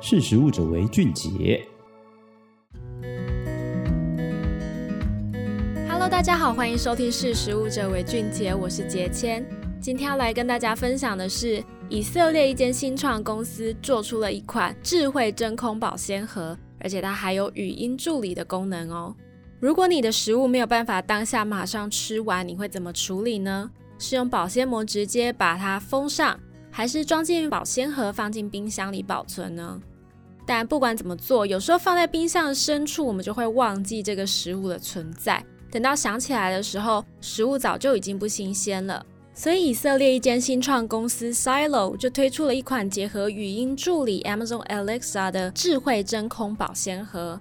識食物者為俊傑。Hello，大家好，歡迎收聽《識食物者為俊傑》，我是潔謙。今天要來跟大家分享的是，以色列一間新創公司做出了一款智慧真空保鮮盒，而且它還有語音助理的功能哦。如果你的食物沒有辦法當下馬上吃完，你會怎麼處理呢？是用保鮮膜直接把它封上，還是裝進保鮮盒放進冰箱裡保存呢？但不管怎麼做，有時候放在冰箱的深處，我們就會忘記這個食物的存在。等到想起來的時候，食物早就已經不新鮮了。所以，以色列一間新創公司 Silo 就推出了一款結合語音助理 Amazon Alexa 的智慧真空保鮮盒。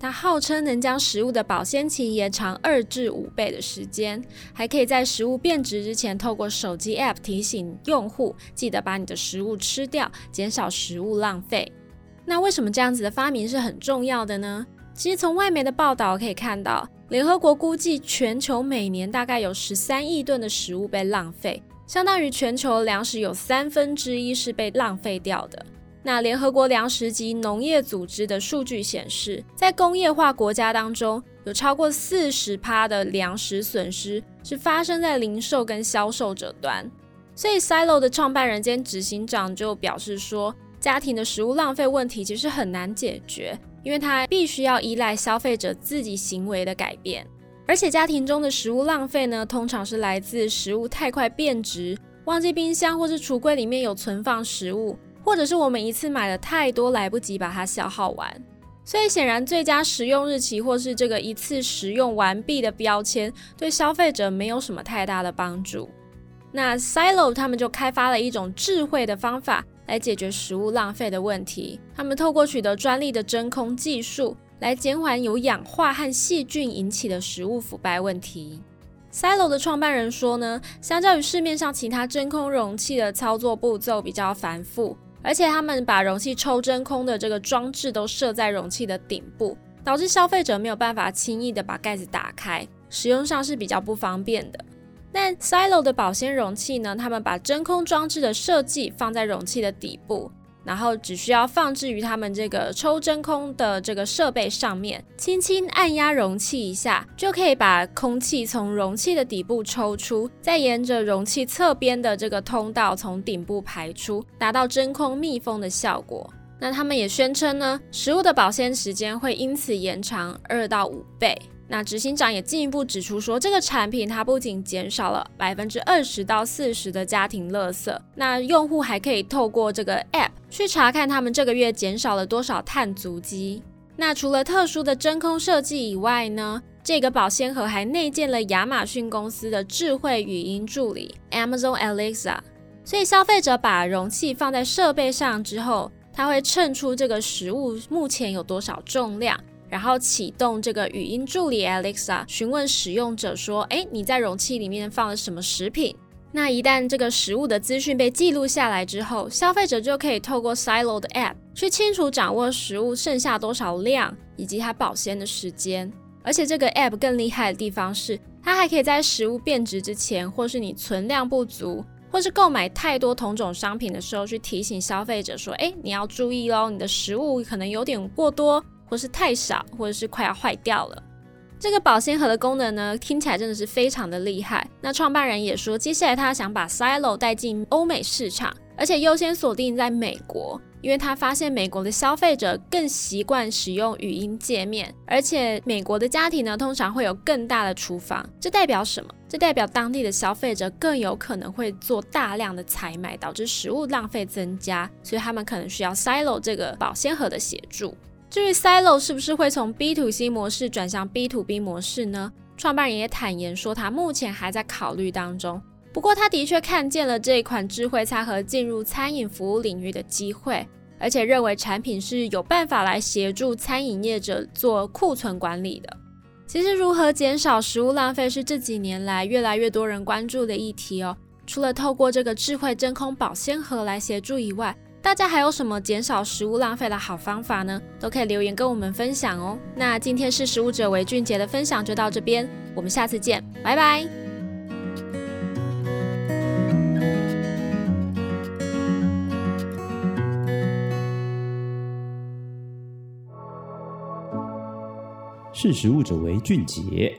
它號稱能將食物的保鮮期延長二至五倍的時間，還可以在食物變質之前，透過手機 App 提醒用戶記得把你的食物吃掉，減少食物浪費。那為什麼這樣子的發明是很重要的呢？其實從外媒的報道可以看到，聯合國估計全球每年大概有十三億噸的食物被浪費，相當於全球糧食有三分之一是被浪費掉的。那聯合國糧食及農業組織的數據顯示，在工業化國家當中，有超過四十趴的糧食損失是發生在零售跟銷售者端。所以，Silo 的創辦人兼執行長就表示說，家庭的食物浪費問題其實很難解決，因為它必須要依賴消費者自己行為的改變。而且家庭中的食物浪費呢，通常是來自食物太快變質、忘記冰箱或是櫥櫃裡面有存放食物，或者是我們一次買了太多，來不及把它消耗完。所以顯然，最佳食用日期或是這個一次食用完畢的標籤，對消費者沒有什麼太大的幫助。那 Silo 他們就開發了一種智慧的方法。來解決食物浪費的問題。他們透過取得專利的真空技術，來減緩由氧化和細菌引起的食物腐敗問題。Silo 的創辦人說呢，相較於市面上其他真空容器的操作步驟比較繁複，而且他們把容器抽真空的這個裝置都設在容器的頂部，導致消費者沒有辦法輕易的把蓋子打開，使用上是比較不方便的。Silo 的保鮮容器呢，他們把真空裝置的設計放在容器的底部，然後只需要放置於他們這個抽真空的這個設備上面，輕輕按壓容器一下，就可以把空氣從容器的底部抽出，再沿着容器側邊的這個通道從頂部排出，達到真空密封的效果。那他們也宣稱呢，食物的保鮮時間會因此延長二到五倍。那執行長也進一步指出說，這個產品它不僅減少了百分之二十到四十的家庭垃圾，那用戶還可以透過這個 app 去查看他們這個月減少了多少碳足跡。那除了特殊的真空設計以外呢，這個保鮮盒還內建了亞馬遜公司的智慧語音助理 Amazon Alexa，所以消費者把容器放在設備上之後，它會稱出這個食物目前有多少重量。然後啟動這個語音助理 Alexa，詢問使用者說：“哎，你在容器裡面放了什麼食品？”那一旦這個食物的資訊被記錄下來之後，消費者就可以透過 Silo 的 App 去清楚掌握食物剩下多少量以及它保鮮的時間。而且這個 App 更厲害的地方是，它還可以在食物變質之前，或是你存量不足，或是購買太多同種商品的時候，去提醒消費者說：“哎，你要注意咯，你的食物可能有點過多。”或是太少，或者是快要壞掉了。這個保鮮盒的功能呢，聽起來真的是非常的厲害。那創辦人也說，接下來他想把 Silo 帶進歐美市場，而且優先鎖定在美國，因為他發現美國的消費者更習慣使用語音界面，而且美國的家庭呢，通常會有更大的廚房。這代表什麼？這代表當地的消費者更有可能會做大量的採買，導致食物浪費增加，所以他們可能需要 Silo 這個保鮮盒的協助。至於 Silo 是不是會從 B to C 模式轉向 B to B 模式呢？創辦人也坦言說，他目前還在考慮當中。不過，他的確看見了這一款智慧餐盒進入餐飲服務領域的機會，而且認為產品是有辦法來協助餐飲業者做庫存管理的。其實，如何減少食物浪費是這幾年來越來越多人關注的議題哦。除了透過這個智慧真空保鮮盒來協助以外，大家還有什麼減少食物浪費的好方法呢？都可以留言跟我們分享哦。那今天識食物者為俊傑的分享就到這邊，我們下次見，拜拜。識食物者為俊傑。